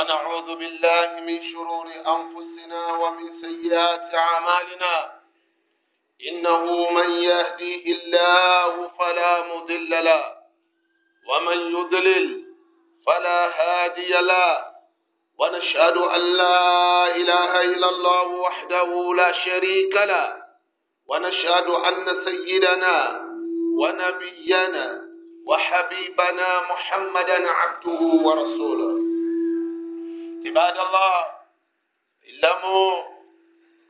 ونعوذ بالله من شرور أنفسنا ومن سيئات أعمالنا إنه من يهديه الله فلا مضل له ومن يضلل فلا هادي له ونشهد أن لا إله إلا الله وحده لا شريك له ونشهد أن سيدنا ونبينا وحبيبنا محمدا عبده ورسوله عباد الله اعلموا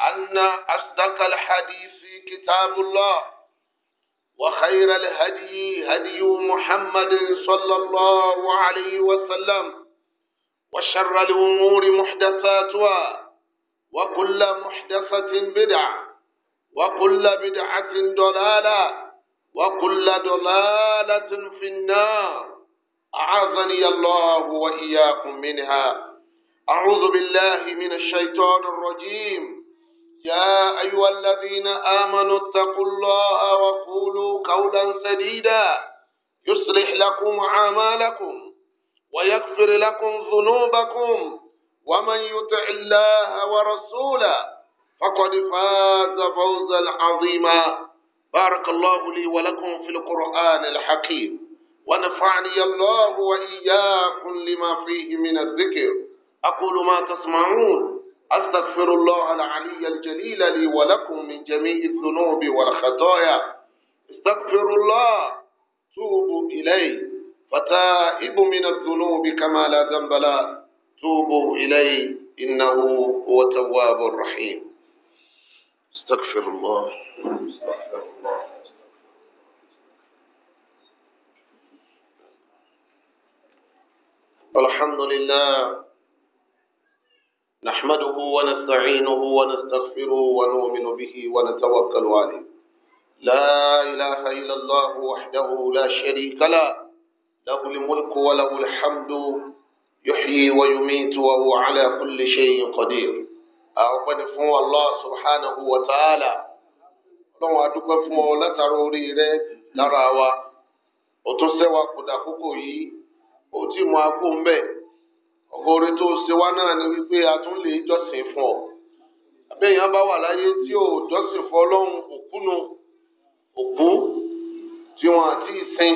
أن أصدق الحديث كتاب الله وخير الهدي هدي محمد صلى الله عليه وسلم وشر الأمور محدثاتها وكل محدثة بدعة وكل بدعة ضلالة وكل ضلالة في النار أعاذني الله وإياكم منها أعوذ بالله من الشيطان الرجيم يا أيها الذين آمنوا اتقوا الله وقولوا قولا سديدا يصلح لكم أعمالكم ويغفر لكم ذنوبكم ومن يطع الله ورسوله فقد فاز فوزا عظيما بارك الله لي ولكم في القرآن الحكيم ونفعني الله وإياكم لما فيه من الذكر أقول ما تسمعون أستغفر الله العلي الجليل لي ولكم من جميع الذنوب والخطايا استغفر الله توبوا إليه فتائب من الذنوب كما لا ذنب له توبوا إليه إنه هو التواب الرحيم استغفر الله استغفر الله الحمد لله نحمده ونستعينه ونستغفره ونؤمن به ونتوكل عليه لا إله إلا الله وحده لا شريك له له الملك وله الحمد يحيي ويميت وهو على كل شيء قدير أعبد فهو الله سبحانه وتعالى lọ́wọ́n adúpẹ́ fún ọ látara orí rẹ lára wa ó tún ọkọ orin tó ṣe wá náà ni wípé a tún lè jọ́sìn fún ọ abẹ́yẹn bá wà láyé tí ò jọ́sìn fún ọlọ́run òkúnu òkú tí wọn àti ìsìn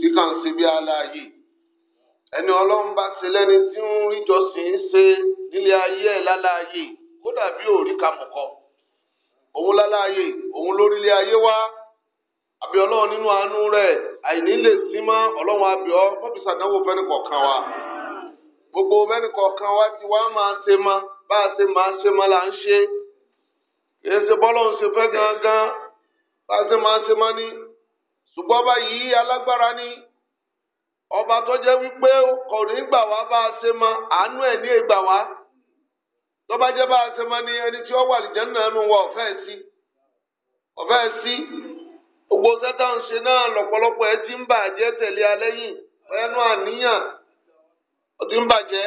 tí kàn ṣe bí aláàyè ẹni ọlọ́run bá ṣe lẹ́ni tí ń rí jọ́sìn ṣe nílé ayé ẹ̀ lálàyè kódà bí òrí kamùkọ òun lálàyè òun lórílẹ̀ ayé wá àbí ọlọ́run nínú àánú rẹ̀ àìní lè sí mọ́ ọlọ́run àbí ọ mọ́bí sàdánwò fẹ́ni kọ̀ọ̀kan wa. gbogbo bẹ́ẹ̀ni kọ̀ọ̀kan wá ti wá máa ṣe ma bá a ṣe máa ṣe ma là ń ṣe èyí ṣe bọ́lọ̀ ń ṣe fẹ́ gangan ọba tó jẹ́ wípé kò ní gbà wá bá a ṣe ma àánú ẹ̀ ní ìgbà wá tó bá jẹ́ bá a ṣe ma ẹni tí ó wà lìjẹ́ náà ọ̀fẹ́ sí ọ̀fẹ́ ó ti ń bàjẹ́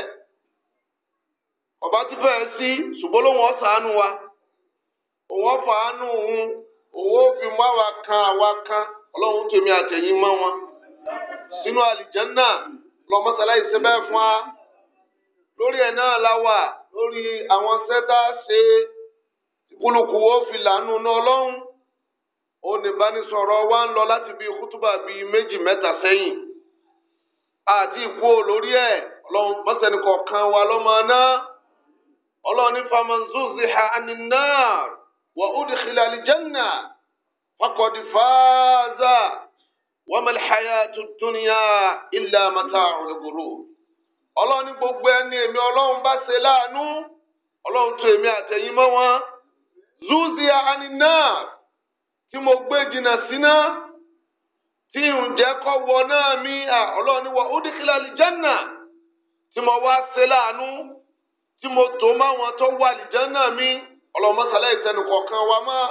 ọba ti fẹ́ sí ṣùgbọ́n lóun ọ̀sánú wa òun ọ̀fàánú òun òun ó fi mú àwa kan àwa kan ọlọ́run tèmi àtẹ̀yìn mọ́ wọn sínú àlìjẹ́nnà lọ́mọ́sáláì ṣe bẹ́ẹ̀ fún wa lórí ẹ̀ náà la wà lórí àwọn sẹ́tà ṣe kúlùkù ó fi lànà náà ọlọ́run oníbánisọ̀rọ̀ wa ń lọ láti bíi kútùbà bíi méjì mẹ́ta sẹ́yìn àti ìkú lórí ẹ̀ ọlọ́run mọ́sẹ̀ni kọ̀ọ̀kan wa lọ́mọ náà ọlọ́run ní famanzuzi ha aniná wà údi xilali janna fakọ̀dí fàáza wàmẹ̀lì xayà tuntuniya ilà mata ọ̀rẹ́gbòrò ọlọ́run ní gbogbo ẹni èmi ọlọ́run bá ṣe láàánú ọlọ́run tún èmi àtẹ̀yìn mọ́ wọn zuzi ha aniná tí mo gbé jìnnà síná tí ǹjẹ́ kọ́ wọ náà mi ọlọ́run ní wà údi xilali janna. tí mo wá se láàánú tí mo tó wọn tó wà nìjẹ́ náà mi ọlọ́mọsálá ìsẹ́nu kọ̀ọ̀kan wa máa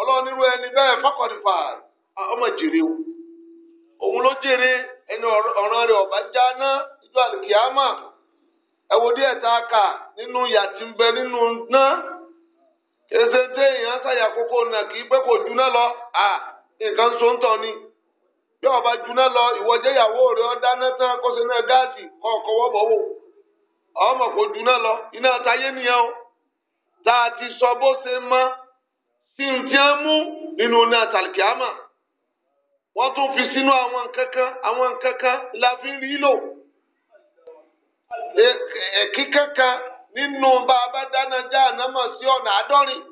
ọlọ́nirú ẹni bẹ́ẹ̀ fọkànlífà ọmọ jèrè o òun ló jèrè ẹni ọ̀ràn rẹ̀ ọ̀bá já ná ìjọ àlùkìyàmà ẹ̀wò díẹ̀ tá a kà nínú nínú kì í kò jù náà lọ ni. bí ọba juná lọ ìwọjẹ ìyàwó rẹ ọ dáná tán kó náà gáàsì kọ ọkọ wọbọ wò lọ iná táyé nìyẹn o tá a ti sọ bó ṣe mọ sí n ń mú nínú iná tàlìkìámà wọn tún fi sínú àwọn nǹkan àwọn la fi rí lò e, e, nínú dáná já sí ọ̀nà àádọ́rin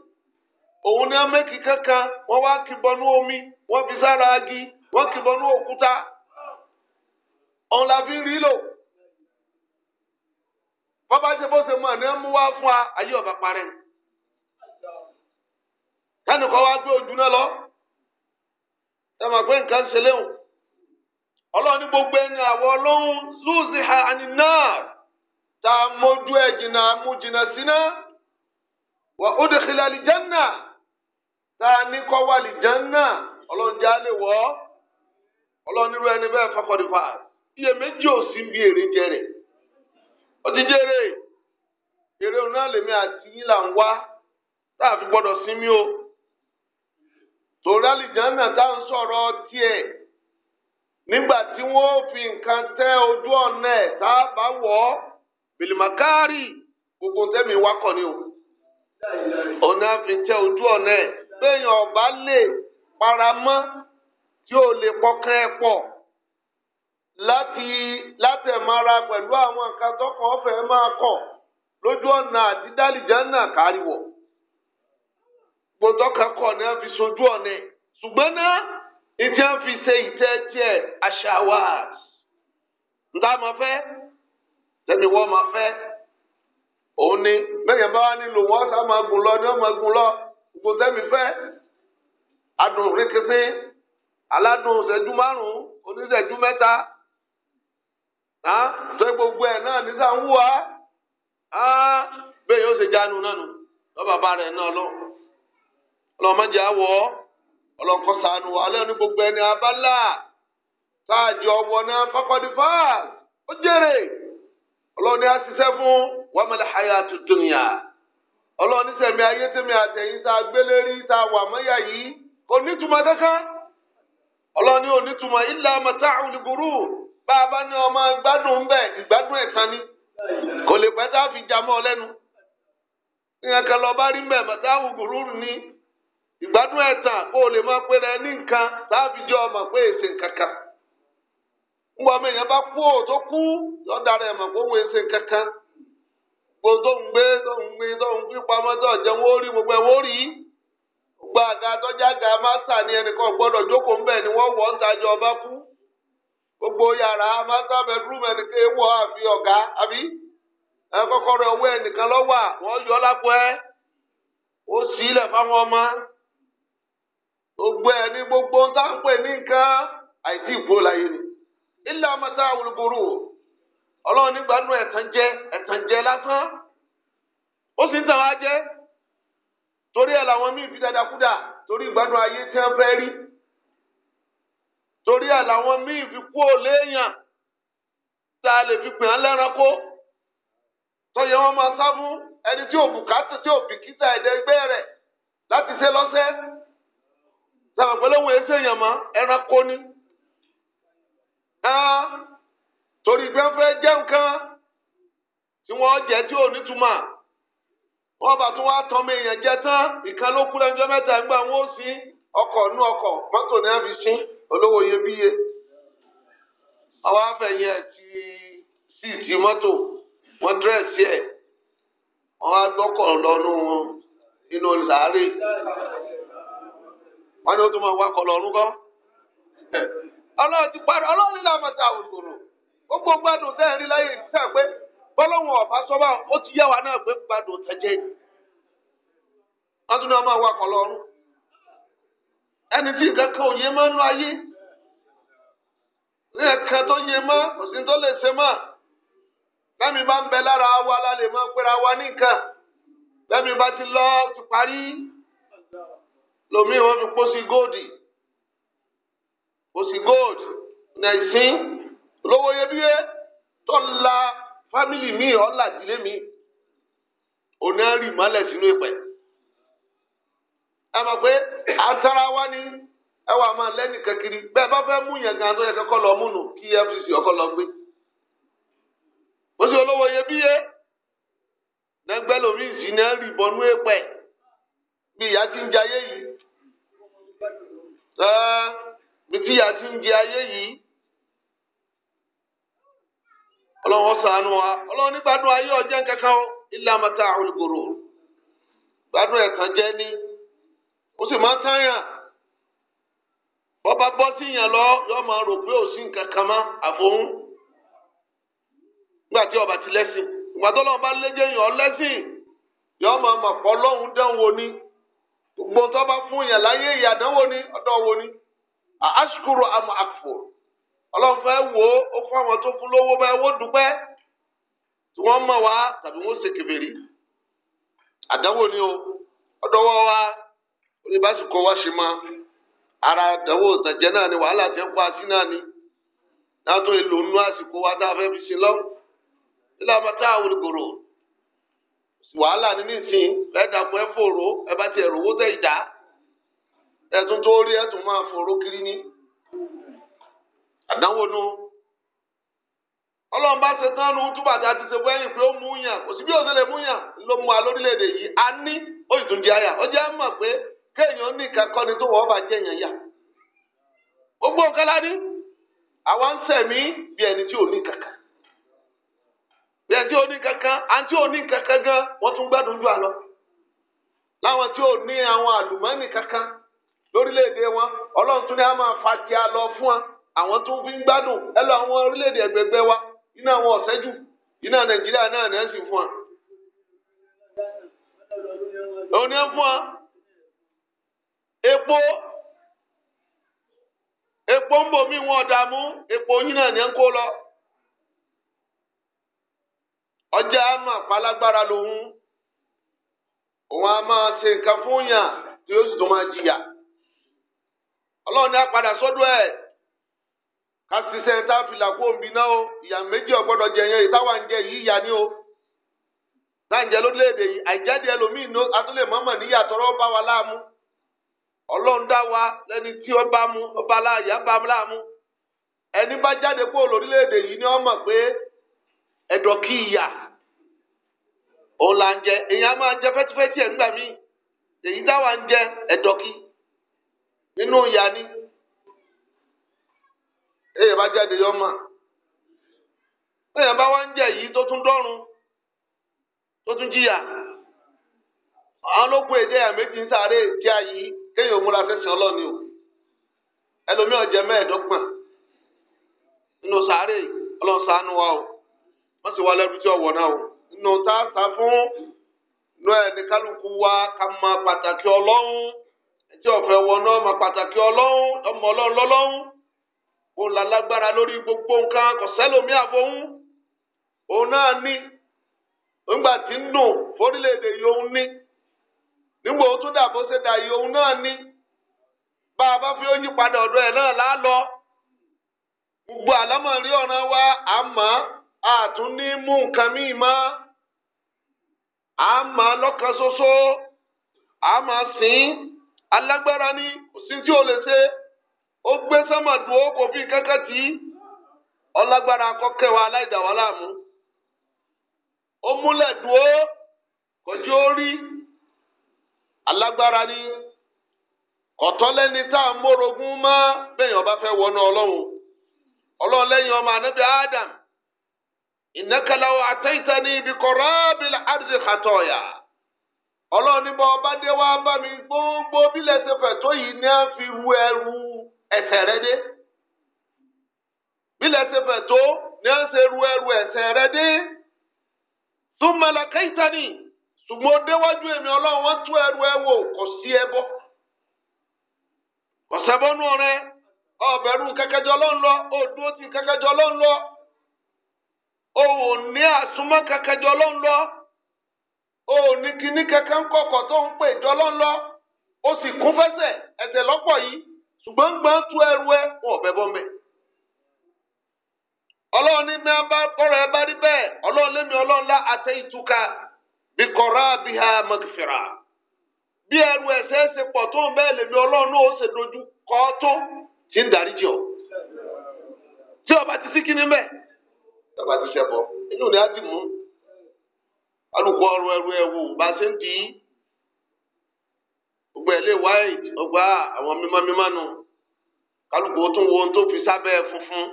òun ni mẹ́kì kankan wọ́n kì bọnú òkúta òun la fi ń rí lò bọ́bá ṣe bó ṣe mọ̀ ní mú wá fún wa ayé ọba parẹ́ kánìkan wá gbé ojú náà lọ ẹ máa gbé nǹkan ṣe léwu ọlọ́run ní gbogbo ẹni àwọ̀ ọlọ́run zúùsì ha àní náà tá a mójú jìnnà mú jìnnà síná wà ó dè xìlẹ̀ àlìjánná tá a ní kọ́ wà àlìjánná ọlọ́run já lè wọ̀ ọ́. ọlọ́nirú ẹni bẹ́ẹ̀ iye méjì ò sí bí èrè jẹrè ó ti èrè òun náà lèmi àti yín sinmi o tòrá lìjánà tá à ń sọ̀rọ̀ nígbà tí fi nǹkan tẹ́ ojú ọ̀nà ẹ̀ tá a bá wọ̀ ọ́ bìlìmàkárì gbogbo tẹ́mi ni o ọ̀nà fi ojú ọ̀nà ẹ̀ bẹ́ẹ̀ yàn ọ̀bá lè paramọ́. tí ó lè pọkàn ẹ pọ̀ láti látẹ̀mára pẹ̀lú àwọn nǹkan tọkọ̀ ọ̀fẹ́ máa kọ̀ lójú ọ̀nà àti dálìjánà káríwọ̀ gbòdọ́kà kọ̀ ní wọ́n fi sojú ọ̀nà ṣùgbọ́n náà ìdí wọ́n fi ṣe ìtẹ́ tiẹ̀ àṣàwà ńdá máa fẹ́ tẹ́ni wọ́n máa fẹ́ òun ni bẹ́ẹ̀ bá wà nílò wọ́n sá máa gùn lọ ni wọ́n máa gùn lọ gbòdẹ́mi fẹ́ adùn rékété aládùn ṣẹ́jú márùn-ún oníṣẹ́jú mẹ́ta tó gbogbo ẹ̀ náà nígbà ń wúwa bẹ́ẹ̀ yóò ṣe jánu náà nù lọ́bàbá rẹ̀ náà lọ ọlọ́mọdé àwọ̀ ọlọ́nkọ́ sànù alẹ́ ní gbogbo ẹni abálà sáàjì ọwọ́ náà fọkọ̀dífà ó jèrè ọlọ́ni á fún wàmẹ́lẹ̀ hayà tuntun yà ọlọ́ni sẹ̀mí ayé tẹ̀mí àtẹ̀yìn tá gbélé rí tá a yìí kò ní túmọ̀ kankan. ọlọ́ni onítùmọ̀ ilẹ̀ ni olùgbòrò bá a bá ní ọmọ gbádùn ń ìgbádùn ẹ̀tàn ni kò lè pẹ́ fi já ọ lẹ́nu ìyẹn lọ bá rí ni ìgbádùn ẹ̀tàn kó o lè máa pé rẹ ní nǹkan fi jẹ́ ọmọ pé èsè kankan ń bọ́ bá kú ò tó kú mọ̀ èsè kankan gbogbo tó ń gbé tó ń fi pamọ́ tó gbogbo àga tọ́jà ga másà ni ẹnìkan gbọ́dọ̀ jókòó ńbẹ̀ ni wọ́n wọ̀ ń ọba kú gbogbo yàrá másà bẹ́dúrúmù ẹnìkan ewọ́ àfi ọ̀gá àbí kọ́kọ́rọ́ ọwọ́ ẹnìkan lọ́wà wọ́n yọ lápò ẹ́ ó sì ilẹ̀ gbogbo ní gbogbo ń ní nǹkan àìsí láyé ni ọlọ́run nígbà nù ẹ̀tàn jẹ ẹ̀tàn jẹ lásán torí ẹ̀ làwọn míì fi dáadáa kúdà torí ìgbádùn ayé tí wọ́n fẹ́ rí torí ẹ̀ làwọn míì fi kú òléèyàn tá a lè fi pè án lẹ́ranko tọ́yẹ wọn máa sá fún ẹni tí ò bùkátà tí ò bìkítà ẹ̀dẹ̀ ẹgbẹ́ rẹ̀ láti ṣe lọ́sẹ̀ sàmì pẹ̀lú òun ẹsẹ̀ èèyàn mọ́ ni torí ìgbẹ́ fẹ́ jẹ́ nǹkan tí wọ́n jẹ́ tí ò nítumọ̀. wọ́n bá tún wá tọmọ èèyàn jẹ tán ìkan ló kú lẹ́jọ́ mẹ́ta ọkọ̀ nú ọkọ̀ mọ́tò ní àfi sí olówó iyebíye àwọn afẹ̀yìn ti sí ti mọ́tò wọ́n dírẹ́sì ẹ̀ wọ́n á lọ́nu sàárè wọ́n ní tún bọ́lọ́wọ́n ọ̀bá sọ́bà ó ti yá wa náà pé o tẹ́jẹ́ adúlọ́ máa wà kọ́ ẹni tí nǹkan kan ò yé máa ń ayé ní ẹ̀ka tó yé mọ́ kò sí tó lè ṣe mọ́ bá ń bẹ lára wa la lè máa wa ní nǹkan bá ti lọ ti lomi wọn fi pósí góòdì pósí góòdì nàìjíríà lówó tó la. fámìlì mi ọ̀là ìdílé mi onárì mọ́lẹ̀ sínú ìpẹ́ ẹ mọ̀ pé àtàrà wa ni ẹ wà máa lẹ́nu kankiri bẹ́ẹ̀ bá fẹ́ mú yẹn gan tó yẹ kọ́kọ́ lọ múnu kí EFCC ọkọ́ lọ gbé mo sì olówó iyebíye nẹgbẹ́ lomi ìsìn náà rì bọ́nú èpẹ́ bí ìyá ti ń jẹ ayé yìí ẹ bí tí ti ń jẹ ayé yìí. ọlọ́run ọ̀sánú wa ọlọ́run ní gbádùn ayé ọjọ́ kankan ilé amata olùgbòrò gbádùn ẹ̀tàn jẹ́ ní ó sì máa ń tàyàn bọ́ba bọ́ sí yàn lọ yọ máa rò pé ò sí nǹkan kan tí ọba ti lẹ́sìn ìgbà tó lọ́wọ́ bá léjé yàn ọ́ lẹ́sìn yọ máa mọ̀ pọ́ lọ́hùn dánwò ni gbogbo tó bá fún láyé ìyàdánwò ni ni àmọ́ ọlọ́run fẹ́ wò fáwọn tó fún lówó báyìí wọ́n dúpẹ́ tí wọ́n mọ̀ wá tàbí wọ́n ṣe kèfèrí àdánwò ni o ọdọwọ́ wa oníbàṣìkọ wa ṣe máa ara àdánwò ìtàjẹ náà ni wàhálà tẹ ń pa sí náà ni látò èlò nínú àsìkò wa tá a fẹ́ fi ṣe lọ́wọ́ nílẹ̀ ọmọ tá a wò lùgòrò wàhálà ní nísìnyí ẹ dàpọ̀ ẹ fòrò ẹ bá tiẹ̀ rówó tẹ̀ ìdá ẹtún tó rí ẹtún máa fòrò kiri ní àdánwò nù. ọlọ́ọ̀bá ṣe tán nu túbàtà ti ṣe wẹ́yìn pé ó mú yàn kò sí bí mú yàn ló mú èdè yìí a ní ó sì tún di àyà ó jẹ́ mọ̀ pé kéèyàn ní ìkẹ́kọ̀ọ́ ni tó wọ́n bá jẹ́ yàn yà gbogbo nǹkan la ní àwa ń sẹ̀mí bí ẹni tí ò ní kankan ní kankan àti ò ní kankan gan wọ́n tún gbádùn jù àlọ́ a máa lọ fún wọn wa ina wọn ọsẹju iná nàìjíríà náà ní ẹ̀sìn fún wa. òun ni ẹ fún wa epo epo ń bò mí wọn epo yín náà ní ẹ ń kó lọ. ọjà àmà palágbára lòun òun á máa ṣe nǹkan fún yàn tí sì kásìsẹ́ tá a fi là kó omi náà o ìyá méjì ọ̀gbọ́dọ̀ jẹ yẹn ìtawà ń jẹ yìí ìyá ni o láǹjẹ lórílẹ̀‐èdè yìí àìjáde ẹlòmíì ní atúlẹ̀ mọ́mọ́ níyà tọrọ bá wa láàmú ọlọ́run dá wa lẹ́ni tí ó bá mú ọba aláàyà bá mú láàmú ẹni bá jáde kó lórílẹ̀‐èdè yìí ni wọ́n mọ̀ pé ẹ̀dọ̀ kí ìyà òun là ń jẹ èyí á máa jẹ fẹ́tífẹ́tí ẹ̀ ńgbà míì èyí táwa ń jẹ ẹ̀dọ̀ kí nínú ìyá ni. èèyàn bá jáde yọ mà èèyàn bá wá ń jẹ yìí tó tún dọrùn tó tún jìyà àwọn ló kún ń sáré tí a yìí kéèyàn múra fẹsẹ̀ ọlọ́ni o ẹlòmíràn jẹ mẹ́ẹ̀ẹ́dọ́gbọ̀n nínú sáré wa o sì wá tí náà o nínú tá a sá fún inú ní kálukú wa ká pàtàkì ó la lórí gbogbo nǹkan kò sẹ́lòmí àfohún òun náà ní nígbà tí ń dùn èdè yìí òun ní nígbà tó dà ṣe dà yìí òun náà ní bá a bá fi ó ọ̀dọ̀ ẹ̀ náà lálọ gbogbo àlámọ̀rí wa mú nǹkan míì ṣoṣo ni kò sí ogbe gbé sọ́mọ̀ bi kò fi kankan wa aláìdáwà láàmú kọjú ni kọ̀tọ́lẹ́ni tá a mórogún mọ́ bẹ́ẹ̀ ọba fẹ́ wọnú ọlọ́run ọlọ́run ọmọ Adam ìnákàláwọ̀ àtẹ́yìntà ní ibi kọ̀rọ̀ bíi àdìsí kàtọ́ọ̀yà ọlọ́run ní bọ́ ọba dé wá bá mi gbogbo bílẹ̀ ṣe fẹ̀ tó yìí ní ẹ̀ṣẹ̀ rẹ dé bílẹ̀ ṣe fẹ̀ tó ní à ṣe ru ẹrù ẹ̀ṣẹ̀ rẹ dé súnmọ́lá kẹ́hìntánì ṣùgbọ́n déwájú èmi ọlọ́run wọ́n tú ẹrù ẹ wò kò sí ẹbọ kò rẹ ọ̀bẹ̀rù kẹ́kẹ́jọ ọlọ́run lọ òdúró ti kẹ́kẹ́jọ ọlọ́run lọ òun ní àsúnmọ́ kẹ́kẹ́jọ ọlọ́run lọ òun ṣùgbọ́n gbà tú e ẹ wọn ò fẹ́ bọ́ mẹ́. ọlọ́run ní náà kọ́rọ̀ ẹ bá rí bẹ́ẹ̀ ọlọ́run lémi ọlọ́run lá àtẹ ìtúkà bí ha mọ̀gìfìrà. bí ẹrú ẹ̀ṣẹ̀ ṣe pọ̀ tó ń bẹ́ẹ̀ lèmi ọlọ́run ó ṣe dojú kọ́ ti ń darí ọba ti sí mẹ́ ọba ti ṣẹ́ inú ni á ti mú alùpùpù gbogbo ẹ̀ white ọgbà àwọn mímọ́mímọ́ nu kálukú ó tún wo ohun tó fi sábẹ́ funfun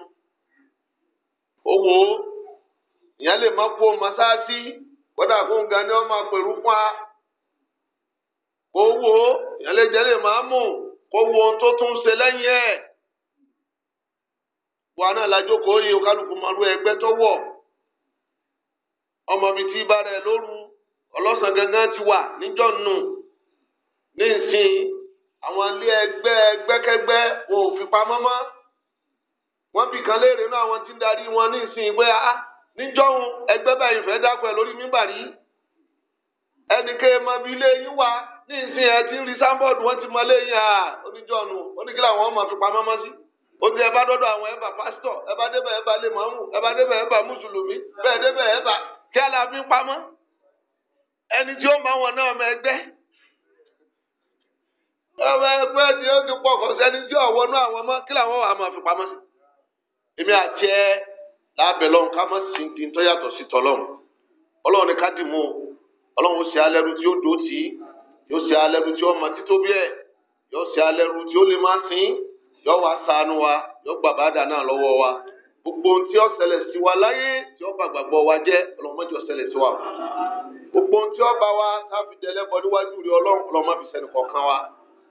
ó wò ìyẹn lè má kó masáàsì kódà kó ń ga ni wọ́n máa kó ìyẹn lè lè má mú kó wo ohun tó tún ṣe náà kálukú gangan ti wà nù. ní nsìn àwọn ilé ẹgbẹ́ ẹgbẹ́kẹ́gbẹ́ wọn ò fi pamọ́ mọ́ wọ́n bì kan léèrè náà àwọn tí ń darí wọn ní nsìn pé a ah, níjọ́hun ẹgbẹ́ báyìí fẹ́ dákọ̀ ẹ̀ lórí mímbà rí ẹnìkẹ́ mọ bí ilé yín wá ní nsìn ẹ ti ń rí sáńbọ̀dù wọ́n ti mọ léyìn à ah, oníjọ́nu oníkílà wọn mọ̀ fi pamọ́ mọ́ sí ó ti ẹ bá dọ́dọ̀ àwọn ẹ bá pásítọ̀ ẹ bá débẹ̀ ẹ bá lè mọ̀ ẹ bá débẹ̀ ẹ bá mùsùlùmí bẹ́ẹ̀ débẹ̀ ẹ bá kí á la fi pamọ́ ẹni tí ó mọ wọn náà mọ ẹgbẹ́ ẹgbẹ́ ni ó ti pọ̀ kọ́sẹ́ ní tí ọ̀wọ́ náà àwọn ọmọ kí làwọn àmọ̀ fi pamọ́ sí. èmi àti ẹ lábẹ́ lọ́hùn ká mọ̀ sí ti tó yàtọ̀ sí ni ká dì mú o ọlọ́run ó ṣe alẹ́rú tí ó dó tì í yóò ṣe tí ó mọ wa yóò gbà náà wa gbogbo ohun tí ó ṣẹlẹ̀ sí wa láyé tí ó wa jẹ́ mọ́jọ ṣẹlẹ̀ sí wa gbogbo ohun tí ó bá wa níwájú wa.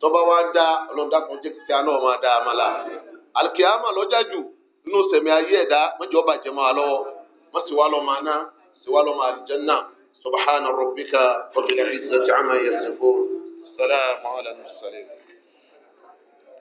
tọ́ba wa dá ọlọ́dàkùn jẹ́ kíkẹ́ náà máa dá a máa la alikiyama lọ́jà jù nínú sẹ̀mí ayé ẹ̀dá mẹ́jọ bàjẹ́ máa lọ́wọ́ wọ́n sì wá lọ́ máa ná sì wá lọ́ máa aljanna subhana rabbika rabbil izzati amma yasifun salamu ala mursalin.